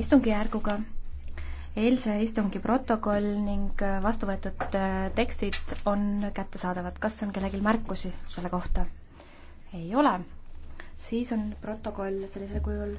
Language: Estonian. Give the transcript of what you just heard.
istungjärguga. eilse istungi protokoll ning äh, vastu võetud äh, tekstid on kättesaadavad. kas on kellelgi märkusi selle kohta? ei ole. siis on protokoll sellisel kujul